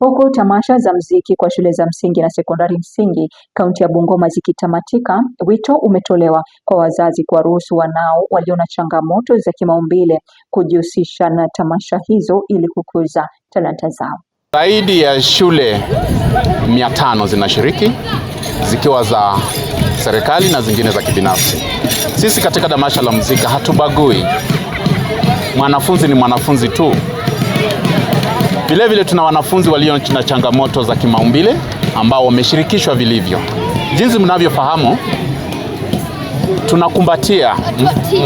Huku tamasha za mziki kwa shule za msingi na sekondari msingi kaunti ya Bungoma zikitamatika, wito umetolewa kwa wazazi kuwaruhusu wanao walio na changamoto za kimaumbile kujihusisha na tamasha hizo ili kukuza talanta zao. Zaidi ya shule mia tano zinashiriki zikiwa za serikali na zingine za kibinafsi. Sisi katika tamasha la muziki hatubagui, mwanafunzi ni mwanafunzi tu. Vilevile tuna wanafunzi walio na changamoto za kimaumbile ambao wameshirikishwa vilivyo. Jinsi mnavyofahamu, tunakumbatia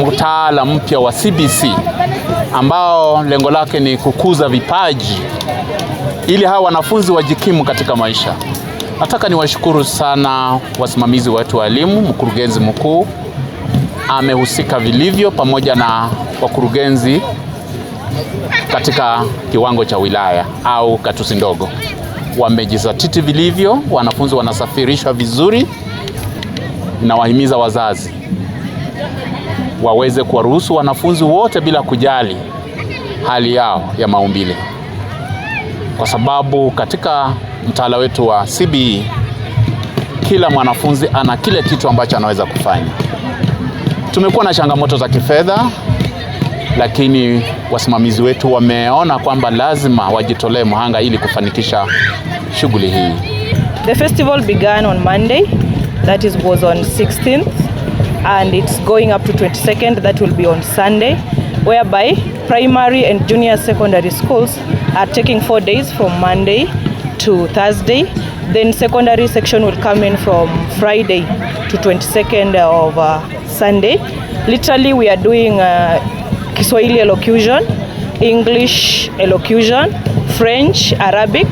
mtaala mpya wa CBC ambao lengo lake ni kukuza vipaji ili hawa wanafunzi wajikimu katika maisha. Nataka niwashukuru sana wasimamizi wetu wa elimu. Mkurugenzi mkuu amehusika vilivyo pamoja na wakurugenzi katika kiwango cha wilaya au katusi ndogo. Wamejizatiti vilivyo, wanafunzi wanasafirishwa vizuri. Nawahimiza wazazi waweze kuwaruhusu wanafunzi wote bila kujali hali yao ya maumbile, kwa sababu katika mtaala wetu wa CBE kila mwanafunzi ana kile kitu ambacho anaweza kufanya. Tumekuwa na changamoto za kifedha lakini wasimamizi wetu wameona kwamba lazima wajitolee mhanga ili kufanikisha shughuli hii. The festival began on Monday that is was on 16th and it's going up to 22nd that will be on Sunday whereby primary and junior secondary schools are taking four days from Monday to Thursday then secondary section will come in from Friday to 22nd of uh, Sunday literally we are doing uh, Kiswahili elocution, English elocution, French, Arabic,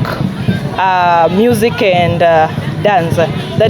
uh, music and uh, dance. That